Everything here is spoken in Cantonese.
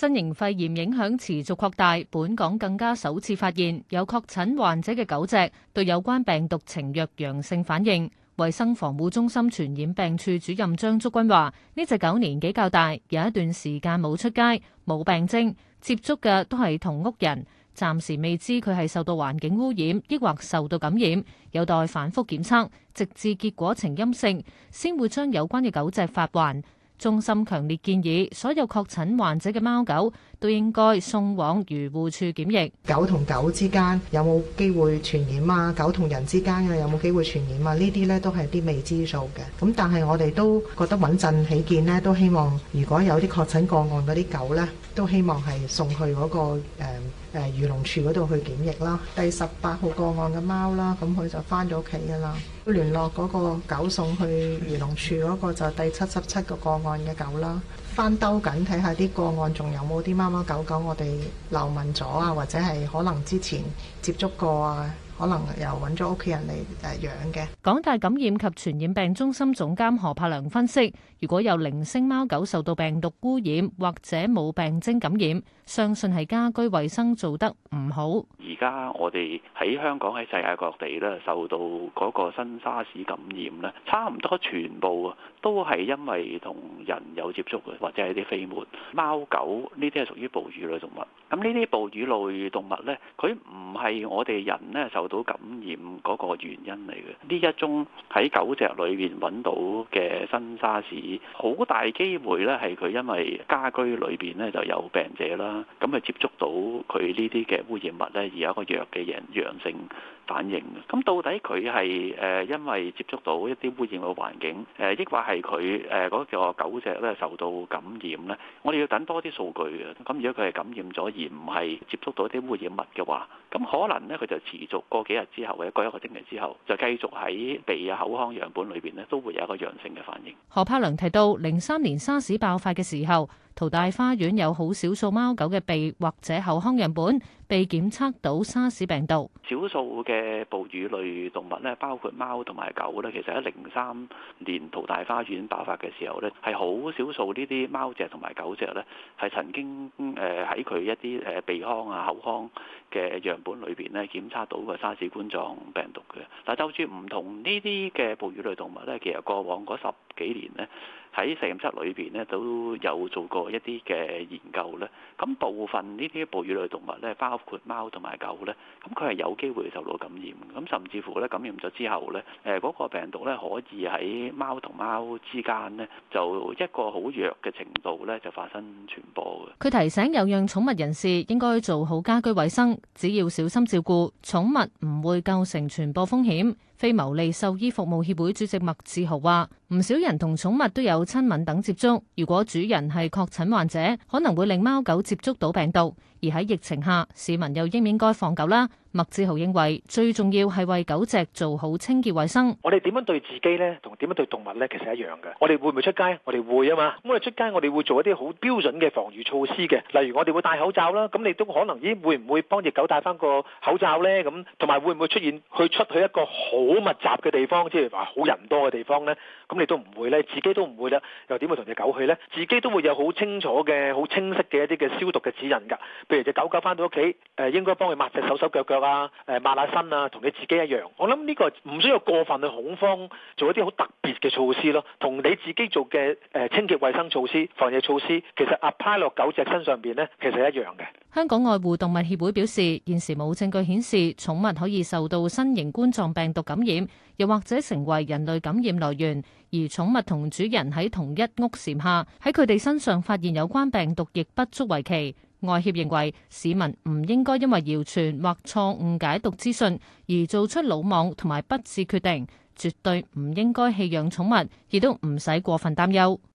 新型肺炎影響持續擴大，本港更加首次發現有確診患者嘅狗隻對有關病毒呈弱陽性反應。衛生防護中心傳染病處主任張竹君話：呢隻狗年紀較大，有一段時間冇出街，冇病徵，接觸嘅都係同屋人，暫時未知佢係受到環境污染，抑或受到感染，有待反覆檢測，直至結果呈陰性，先會將有關嘅狗隻發還。中心強烈建議所有確診患者嘅貓狗。都應該送往漁護處檢疫。狗同狗之間有冇機會傳染啊？狗同人之間啊有冇機會傳染啊？呢啲呢都係啲未知數嘅。咁但係我哋都覺得穩陣起見呢，都希望如果有啲確診個案嗰啲狗呢，都希望係送去嗰個誒誒漁農處嗰度去檢疫啦。第十八號個案嘅貓啦，咁佢就翻咗屋企噶啦。聯絡嗰個狗送去漁農處嗰個就第七十七個個案嘅狗啦。翻兜緊，睇下啲個案仲有冇啲貓貓狗狗我哋漏問咗啊，或者係可能之前接觸過啊。可能又揾咗屋企人嚟誒養嘅。港大感染及傳染病中心總監何柏良分析，如果有零星貓狗受到病毒污染或者冇病徵感染，相信係家居衛生做得唔好。而家我哋喺香港喺世界各地咧，受到嗰個新沙士感染咧，差唔多全部啊都係因為同人有接觸嘅，或者係啲飛沫，貓狗呢啲係屬於哺乳類動物。咁呢啲哺乳類動物咧，佢唔係我哋人咧受到感染嗰個原因嚟嘅，呢一宗喺狗隻裏邊揾到嘅新沙士，好大機會呢係佢因為家居裏邊咧就有病者啦，咁啊接觸到佢呢啲嘅污染物呢，而有一個弱嘅陽陽性反應嘅，咁到底佢係誒因為接觸到一啲污染嘅環境，誒，抑或係佢誒嗰個狗隻咧受到感染咧？我哋要等多啲數據嘅。咁如果佢係感染咗而唔係接觸到一啲污染物嘅話，咁可能咧佢就持續過幾日之後或者過一個星期之後，就繼續喺鼻啊口腔樣本裏邊咧都會有一個陽性嘅反應。何柏良提到零三年沙士爆發嘅時候。淘大花園有好少數貓狗嘅鼻或者口腔樣本被檢測到沙士病毒。少數嘅哺乳類動物咧，包括貓同埋狗咧，其實喺零三年淘大花園爆發嘅時候咧，係好少數呢啲貓隻同埋狗隻咧，係曾經誒喺佢一啲誒鼻腔啊、口腔嘅樣本裏邊咧檢測到個沙士冠狀病毒嘅。但就住唔同呢啲嘅哺乳類動物咧，其實過往嗰十幾年咧喺實驗室裏邊咧都有做過。一啲嘅研究咧，咁部分呢啲哺乳類動物咧，包括貓同埋狗咧，咁佢係有機會受到感染。咁甚至乎咧，感染咗之後咧，誒嗰個病毒咧可以喺貓同貓之間咧，就一個好弱嘅程度咧，就發生傳播嘅。佢提醒有養寵物人士應該做好家居衛生，只要小心照顧寵物，唔會構成傳播風險。非牟利獸醫服務協會主席麥志豪話：唔少人同寵物都有親吻等接觸，如果主人係確診患者，可能會令貓狗接觸到病毒。而喺疫情下，市民又應唔應該放狗啦？麥志豪認為最重要係為狗隻做好清潔衛生。我哋點樣對自己呢，同點樣對動物呢，其實一樣嘅。我哋會唔會出街？我哋會啊嘛。咁我哋出街，我哋會做一啲好標準嘅防禦措施嘅。例如我哋會戴口罩啦。咁你都可能咦會唔會幫隻狗戴翻個口罩呢？咁同埋會唔會出現去出去一個好密集嘅地方，即係話好人多嘅地方呢？咁你都唔會呢，自己都唔會啦。又點會同隻狗去呢？自己都會有好清楚嘅，好清晰嘅一啲嘅消毒嘅指引噶。譬如隻狗狗翻到屋企，誒應該幫佢抹隻手手腳腳。啊！誒，抹下身啊，同你自己一樣。我諗呢個唔需要過分去恐慌，做一啲好特別嘅措施咯。同你自己做嘅誒清潔衞生措施、防疫措施，其實 apply 落狗隻身上邊咧，其實一樣嘅。香港愛護動物協會表示，現時冇證據顯示寵物可以受到新型冠狀病毒感染，又或者成為人類感染來源。而寵物同主人喺同一屋檐下，喺佢哋身上發現有關病毒，亦不足為奇。外協認為市民唔應該因為謠傳或錯誤解讀資訊而做出魯莽同埋不智決定，絕對唔應該棄養寵物，亦都唔使過分擔憂。